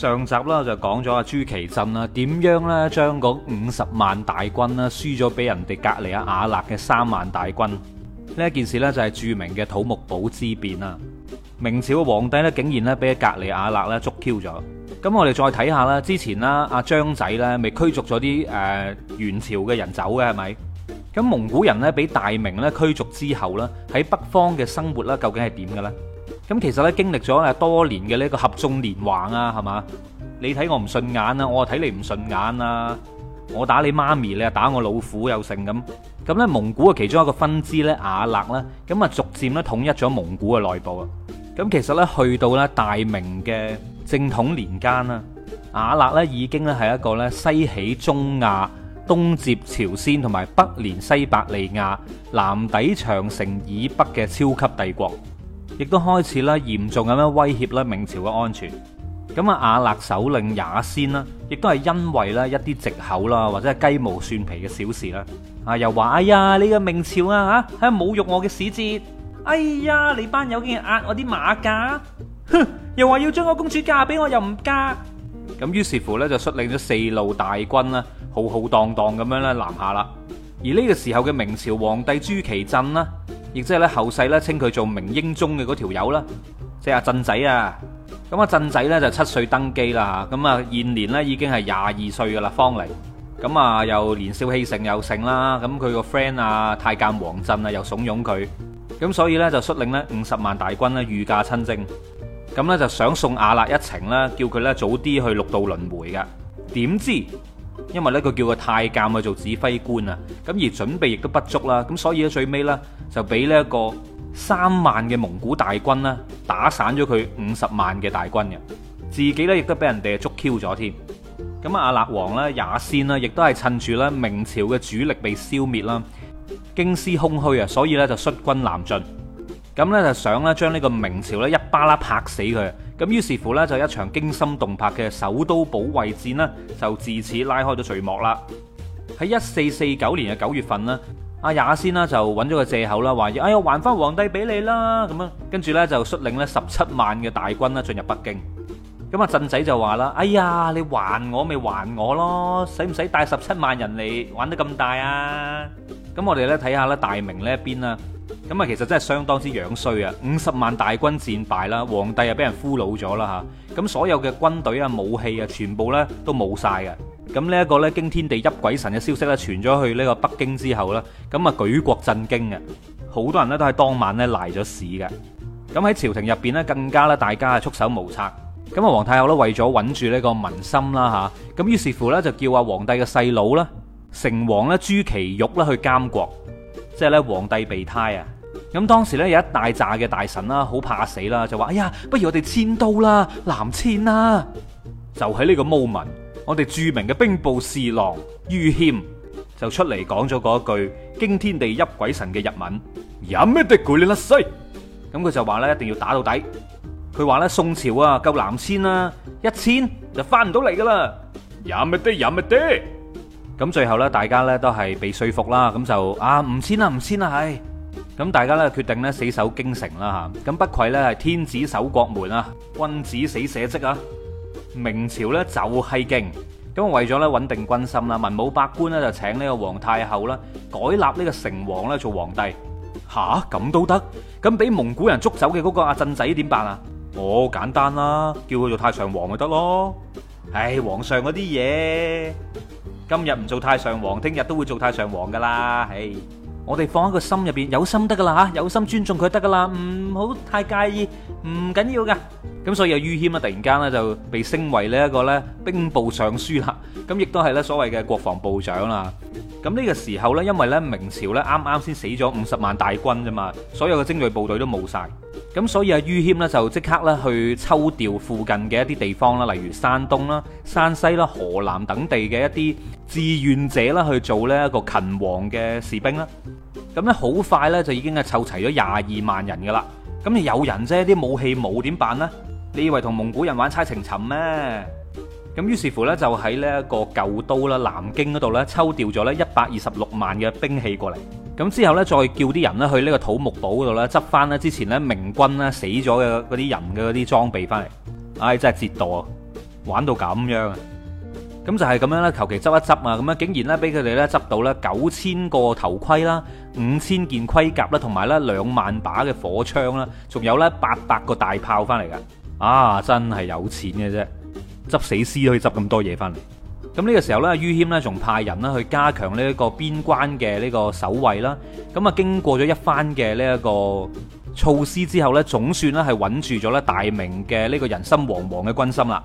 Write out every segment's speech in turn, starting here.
上集啦就講咗阿朱祁鎮啦，點樣咧將個五十萬大軍啦輸咗俾人哋隔籬阿瓦剌嘅三萬大軍？呢一件事呢，就係著名嘅土木堡之變啦。明朝嘅皇帝呢，竟然呢，俾隔籬瓦剌咧捉 Q 咗。咁我哋再睇下啦，之前啦阿張仔呢，咪驅逐咗啲誒元朝嘅人走嘅係咪？咁蒙古人呢，俾大明咧驅逐之後呢，喺北方嘅生活啦究竟係點嘅咧？咁其實咧，經歷咗咧多年嘅呢一個合縱連橫啊，係嘛？你睇我唔順眼啊，我睇你唔順眼啊，我打你媽咪，你又打我老虎又剩咁。咁咧，蒙古嘅其中一個分支咧，瓦剌咧，咁啊，逐漸咧統一咗蒙古嘅內部啊。咁其實咧，去到咧大明嘅正統年間啊，瓦剌咧已經咧係一個咧西起中亞、東接朝鮮同埋北連西伯利亞、南抵長城以北嘅超級帝國。亦都開始嚴重咁樣威脅明朝嘅安全。咁啊，阿勒首領也先啦，亦都係因為咧一啲藉口啦，或者係雞毛蒜皮嘅小事啦，啊又話哎呀你個明朝啊吓喺侮辱我嘅使節。哎呀，你班友竟然壓我啲馬價，哼！又話要將個公主嫁俾我，又唔嫁。咁於是乎呢就率領咗四路大軍啦，浩浩蕩蕩咁樣咧南下啦。而呢個時候嘅明朝皇帝朱祁鎮亦即係咧，後世咧稱佢做明英宗嘅嗰條友啦，即係阿鎮仔啊。咁阿鎮仔咧就七歲登基啦，咁啊現年咧已經係廿二歲噶啦，芳齡。咁啊又年少氣盛又盛啦，咁佢個 friend 啊太監王振啊又慫恿佢，咁所以咧就率領咧五十萬大軍咧御駕親征，咁咧就想送瓦剌一程啦，叫佢咧早啲去六道輪回嘅。點知？因為咧，佢叫個太監去做指揮官啊，咁而準備亦都不足啦，咁所以咧最尾咧就俾呢一個三萬嘅蒙古大軍咧打散咗佢五十萬嘅大軍嘅，自己咧亦都俾人哋捉 Q 咗添。咁啊，瓦剌王咧也先咧，亦都係趁住咧明朝嘅主力被消滅啦，京師空虛啊，所以咧就率軍南進。咁咧就想咧將呢個明朝咧一巴啦拍死佢，咁於是乎咧就一場驚心動魄嘅首都保衛戰咧，就自此拉開咗序幕啦。喺一四四九年嘅九月份啦，阿也先啦就揾咗個借口啦，話要：哎呀，還翻皇帝俾你啦！咁啊，跟住咧就率領咧十七萬嘅大軍啦進入北京。咁啊，鎮仔就話啦：哎呀，你還我咪還我咯，使唔使帶十七萬人嚟玩得咁大啊？咁我哋咧睇下咧大明呢一邊啦。咁啊，其實真係相當之樣衰啊！五十萬大軍戰敗啦，皇帝又俾人俘虜咗啦吓，咁所有嘅軍隊啊、武器啊，全部咧都冇晒嘅。咁呢一個咧驚天地泣鬼神嘅消息咧，傳咗去呢個北京之後咧，咁啊舉國震驚嘅，好多人咧都喺當晚咧瀨咗屎嘅。咁喺朝廷入面入邊咧，更加咧大家係束手無策。咁啊，皇太后咧為咗穩住呢個民心啦吓，咁於是乎咧就叫阿皇帝嘅細佬啦、成王咧朱祁玉啦去監國，即係咧皇帝備胎啊！咁當時咧有一大扎嘅大臣啦，好怕死啦，就話：哎呀，不如我哋遷都啦，南遷啦！就喺呢個 moment，我哋著名嘅兵部侍郎于謙就出嚟講咗嗰句驚天地泣鬼神嘅日文：有咩敵，舉你粒西！咁佢就話咧，一定要打到底。佢話咧，宋朝啊，夠南遷啦，一遷就翻唔到嚟噶啦。有咩敵，有咩敵！咁最後咧，大家咧都係被說服啦，咁就啊，唔遷啦，唔遷啦，係。咁大家咧決定咧死守京城啦吓，咁不愧咧係天子守國門啦，君子死社稷啊！明朝咧就係勁，咁為咗咧穩定軍心啦，文武百官咧就請呢個皇太后啦，改立呢個成王咧做皇帝，吓咁都得？咁俾蒙古人捉走嘅嗰個阿鎮仔點辦啊？哦，簡單啦，叫佢做太上皇就得咯。唉，皇上嗰啲嘢，今日唔做太上皇，聽日都會做太上皇噶啦，唉。我哋放喺個心入邊，有心得噶啦，吓，有心尊重佢得噶啦，唔好太介意，唔緊要噶。咁所以阿于謙啊，突然間咧就被升為呢一個咧兵部尚書啦，咁亦都係咧所謂嘅國防部長啦。咁呢個時候咧，因為咧明朝咧啱啱先死咗五十萬大軍啫嘛，所有嘅精銳部隊都冇晒。咁所以啊于謙呢，就即刻咧去抽調附近嘅一啲地方啦，例如山東啦、山西啦、河南等地嘅一啲志願者啦去做呢一個勤王嘅士兵啦。咁咧好快咧就已經湊齊咗廿二萬人噶啦。咁有人啫，啲武器冇點辦呢？你以為同蒙古人玩猜情尋咩？咁於是乎咧就喺呢一個舊都啦南京嗰度咧抽調咗咧一百二十六萬嘅兵器過嚟。咁之後呢，再叫啲人呢去呢個土木堡嗰度呢，執翻呢之前呢明軍呢死咗嘅嗰啲人嘅嗰啲裝備翻嚟，唉、哎、真係折墮啊，玩到咁樣啊！咁就係、是、咁樣啦，求其執一執啊！咁樣竟然呢，俾佢哋呢執到呢九千個頭盔啦，五千件盔甲啦，同埋呢兩萬把嘅火槍啦，仲有呢八百個大炮翻嚟噶，啊真係有錢嘅啫，執死屍都可以執咁多嘢翻嚟。咁呢個時候呢，于謙呢仲派人呢去加強呢一個邊關嘅呢個守衛啦。咁啊，經過咗一番嘅呢一個措施之後呢，總算呢係穩住咗呢大明嘅呢個人心惶惶嘅軍心啦。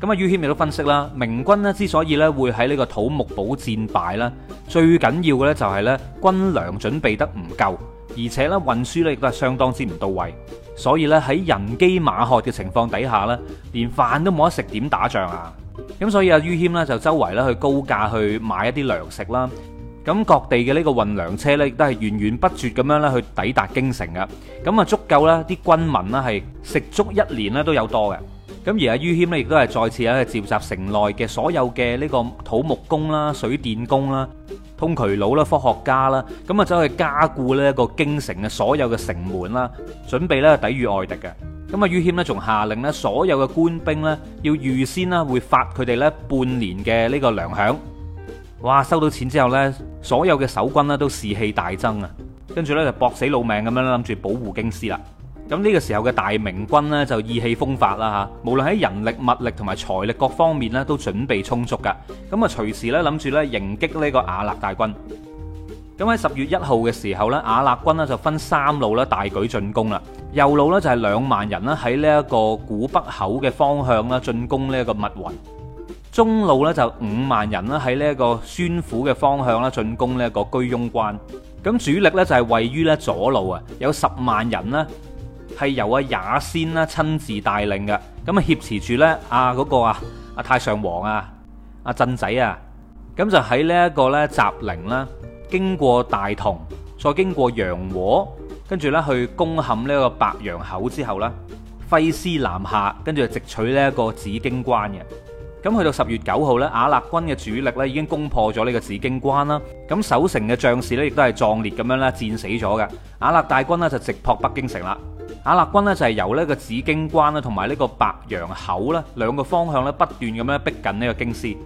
咁啊，于謙亦都分析啦，明軍呢之所以呢會喺呢個土木堡戰敗啦，最緊要嘅呢就係呢軍糧準備得唔夠，而且呢運輸呢亦都係相當之唔到位，所以呢，喺人飢馬渴嘅情況底下呢，連飯都冇得食，點打仗啊？咁所以阿于謙咧就周圍咧去高價去買一啲糧食啦，咁各地嘅呢個運糧車咧亦都係源源不絕咁樣咧去抵達京城嘅，咁啊足夠咧啲軍民啦係食足一年咧都有多嘅，咁而阿于謙咧亦都係再次咧召集城內嘅所有嘅呢個土木工啦、水電工啦、通渠佬啦、科學家啦，咁啊走去加固咧一個京城嘅所有嘅城門啦，準備咧抵禦外敵嘅。咁啊，于謙咧，仲下令咧，所有嘅官兵咧，要預先啦，會發佢哋咧半年嘅呢個糧餉。哇，收到錢之後呢，所有嘅守軍啦，都士氣大增啊。跟住呢就搏死老命咁樣諗住保護京師啦。咁、這、呢個時候嘅大明軍呢，就意氣風發啦吓，無論喺人力、物力同埋財力各方面咧，都準備充足噶。咁啊，隨時咧諗住咧迎擊呢個瓦剌大軍。咁喺十月一號嘅時候咧，瓦剌軍咧就分三路咧大舉進攻啦。右路咧就係兩萬人啦，喺呢一個古北口嘅方向啦進攻呢一個密雲。中路咧就五萬人啦，喺呢一個宣府嘅方向啦進攻呢一個居庸關。咁主力咧就係位於咧左路啊，有十萬人啦，係由阿也先啦親自帶領嘅。咁啊挾持住咧阿嗰個啊阿太上皇啊阿鎮仔啊，咁就喺呢一個咧集寧啦。經過大同，再經過陽和，跟住呢去攻陷呢個白羊口之後呢揮師南下，跟住就直取呢一個紫荊關嘅。咁去到十月九號呢瓦剌軍嘅主力呢已經攻破咗呢個紫荊關啦。咁守城嘅將士呢亦都係壯烈咁樣咧戰死咗嘅。瓦剌大軍呢就直撲北京城啦。瓦剌軍呢就係由呢個紫荊關啦，同埋呢個白羊口呢兩個方向咧不斷咁樣逼近呢個京師。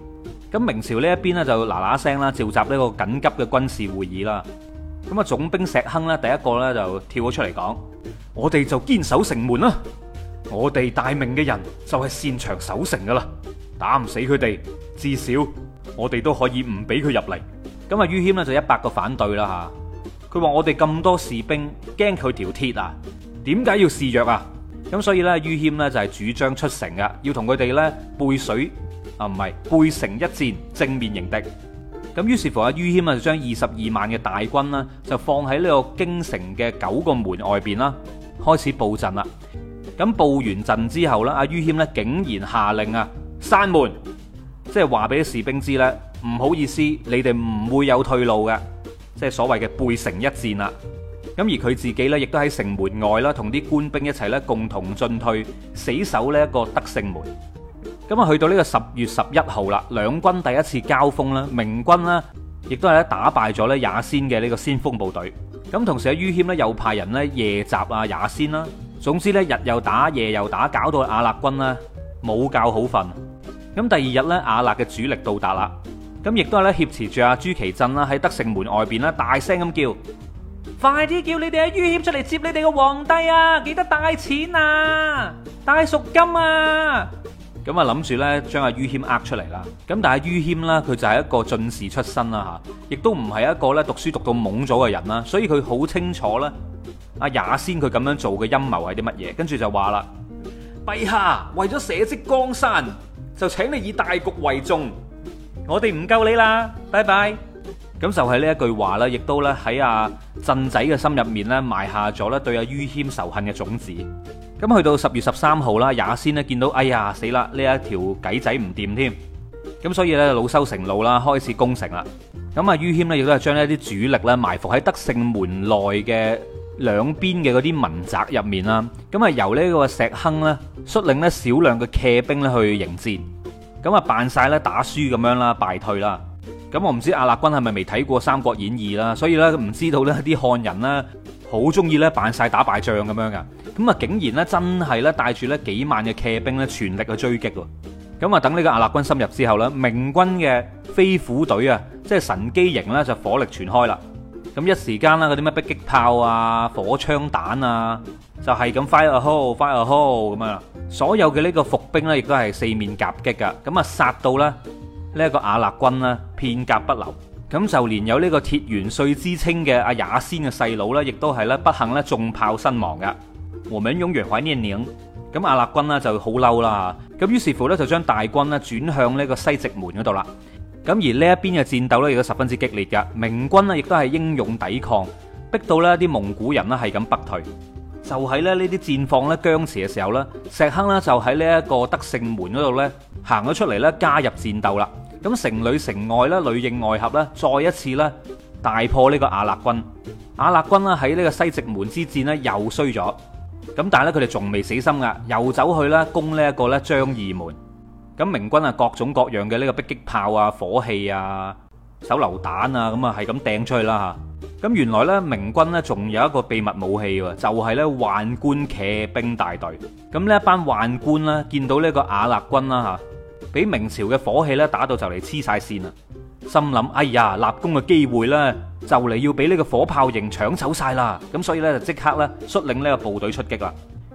咁明朝呢一邊咧就嗱嗱聲啦，召集呢個緊急嘅軍事會議啦。咁啊，總兵石亨咧第一個咧就跳咗出嚟講：我哋就堅守城門啦，我哋大明嘅人就係擅長守城噶啦，打唔死佢哋，至少我哋都可以唔俾佢入嚟。咁啊，于謙咧就一百個反對啦吓，佢話我哋咁多士兵驚佢條鐵啊，點解要示弱啊？咁所以咧，于謙咧就係主張出城啊，要同佢哋咧背水。啊，唔係背城一戰，正面迎敵。咁於是乎阿于謙啊就將二十二萬嘅大軍啦，就放喺呢個京城嘅九個門外邊啦，開始布陣啦。咁布完陣之後呢，阿于謙咧竟然下令啊，閂門，即係話俾啲士兵知呢：「唔好意思，你哋唔會有退路嘅。」即係所謂嘅背城一戰啦。咁而佢自己呢，亦都喺城門外啦，同啲官兵一齊咧，共同進退，死守呢一個德勝門。咁啊，去到呢個十月十一號啦，兩軍第一次交鋒啦，明軍啦，亦都係咧打敗咗咧也先嘅呢個先鋒部隊。咁同時啊，于謙咧又派人咧夜襲啊也先啦。總之咧，日又打，夜又打，搞到亞立軍咧冇覺好瞓。咁第二日咧，亞立嘅主力到達啦，咁亦都係咧挾持住阿朱祁鎮啦，喺德勝門外邊啦，大聲咁叫：快啲叫你哋阿于謙出嚟接你哋個皇帝啊！記得帶錢啊！帶贖金啊！咁啊諗住咧將阿于謙呃出嚟啦，咁但係阿于謙啦，佢就係一個進士出身啦吓，亦都唔係一個咧讀書讀到懵咗嘅人啦，所以佢好清楚啦、啊、阿也先佢咁樣做嘅陰謀係啲乜嘢，跟住就話啦，陛下為咗社稷江山，就請你以大局為重，我哋唔救你啦。拜拜。咁就係呢一句話啦，亦都咧喺阿鎮仔嘅心入面咧埋下咗咧對阿于謙仇恨嘅種子。咁去到十月十三號啦，也先咧見到，哎呀死啦！呢一條鬼仔唔掂添。咁所以咧老羞成怒啦，開始攻城啦。咁啊于謙咧亦都係將呢一啲主力咧埋伏喺德勝門內嘅兩邊嘅嗰啲民宅入面啦。咁啊由呢個石亨咧率領咧少量嘅騎兵咧去迎戰。咁啊扮曬咧打輸咁樣啦，敗退啦。咁我唔知瓦剌軍係咪未睇過《三國演義》啦，所以咧唔知道咧啲漢人咧好鍾意咧扮晒打敗仗咁樣噶，咁啊竟然咧真係咧帶住咧幾萬嘅騎兵咧全力去追擊喎，咁啊等呢個瓦剌軍深入之後咧，明軍嘅飛虎隊啊，即係神機營咧就火力全開啦，咁一時間啦，嗰啲咩迫擊炮啊、火槍彈啊，就係咁 fire a hole，fire a hole 咁啊，所有嘅呢個伏兵咧亦都係四面夾擊噶，咁啊殺到咧。呢一個瓦剌軍啦，片甲不留，咁就連有呢個鐵元帥之稱嘅阿也先嘅細佬呢，亦都係咧不幸咧中炮身亡嘅。和明勇弱喺呢一領，咁瓦剌軍呢就好嬲啦，咁於是乎呢，就將大軍咧轉向呢個西直門嗰度啦。咁而呢一邊嘅戰鬥呢，亦都十分之激烈嘅，明軍呢，亦都係英勇抵抗，逼到呢啲蒙古人呢，係咁北退。就喺咧呢啲戰況咧僵持嘅時候咧，石亨咧就喺呢一個德勝門嗰度咧行咗出嚟咧加入戰鬥啦。咁城裏城外咧，裏應外合咧，再一次咧大破呢個瓦剌軍。瓦剌軍咧喺呢個西直門之戰咧又衰咗。咁但係咧佢哋仲未死心噶，又走去咧攻呢一個咧彰義門。咁明軍啊各種各樣嘅呢個迫擊炮啊、火器啊、手榴彈啊，咁啊係咁掟出去啦嚇。咁原來呢，明軍呢仲有一個秘密武器喎，就係呢宦官騎兵大隊。咁呢班宦官呢，見到呢個瓦剌軍啦吓，俾明朝嘅火器呢打到就嚟黐晒線啦，心諗哎呀立功嘅機會呢，就嚟要俾呢個火炮營搶走晒啦，咁所以呢，就即刻呢，率領呢個部隊出擊啦。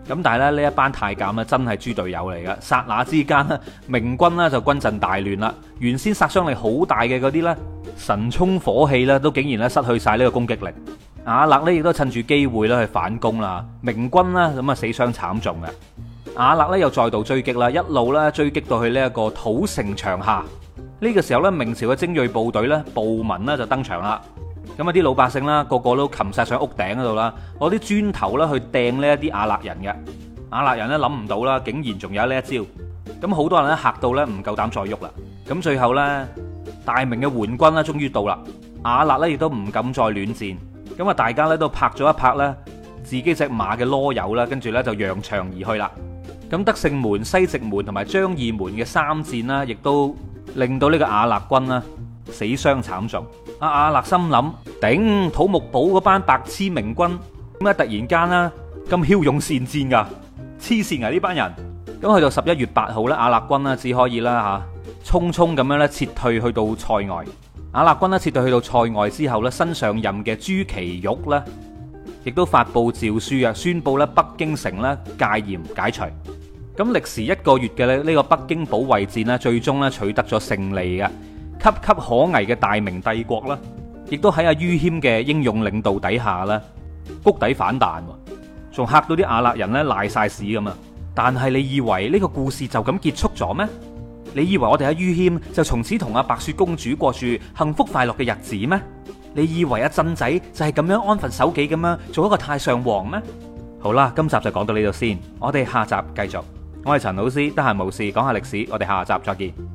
咁但係咧，呢一班太監咧真係豬隊友嚟噶，剎那之間呢，明軍呢就軍陣大亂啦，原先殺傷力好大嘅嗰啲呢，神沖火器呢，都竟然咧失去晒呢個攻擊力，瓦剌呢亦都趁住機會咧去反攻啦，明軍呢，咁啊死傷慘重嘅，瓦剌呢又再度追擊啦，一路呢追擊到去呢一個土城牆下，呢個時候呢，明朝嘅精銳部隊呢，步民呢，就登場啦。咁啊！啲老百姓啦，個個都擒晒上屋頂嗰度啦，攞啲磚頭啦去掟呢一啲瓦剌人嘅，瓦剌人咧，諗唔到啦，竟然仲有呢一招。咁好多人咧嚇到咧，唔夠膽再喐啦。咁最後咧，大明嘅援軍啦，終於到啦。瓦剌咧，亦都唔敢再亂戰。咁啊，大家咧都拍咗一拍咧自己隻馬嘅囉柚啦，跟住咧就揚長而去啦。咁德勝門、西直門同埋張義門嘅三戰啦，亦都令到呢個瓦剌軍啦死傷慘重。阿阿勒心諗，頂土木堡嗰班白痴明軍點解突然間啦咁驍勇善戰噶、啊？黐線呀，呢班人，咁去到十一月八號咧，阿勒軍只可以啦吓，匆匆咁樣咧撤退去到塞外。阿勒軍呢撤退去到塞外之後咧，新上任嘅朱祁鈺咧，亦都發佈詔書啊，宣布咧北京城戒嚴解除。咁歷時一個月嘅咧呢個北京保衛戰呢最終咧取得咗勝利嘅。岌岌可危嘅大明帝國啦，亦都喺阿于謙嘅英勇領導底下啦，谷底反彈，仲嚇到啲瓦剌人呢賴晒屎咁啊！但係你以為呢個故事就咁結束咗咩？你以為我哋阿于謙就從此同阿白雪公主過住幸福快樂嘅日子咩？你以為阿、啊、鎮仔就係咁樣安分守己咁樣做一個太上皇咩？好啦，今集就講到呢度先，我哋下集繼續。我係陳老師，得閒冇事講下歷史，我哋下集再見。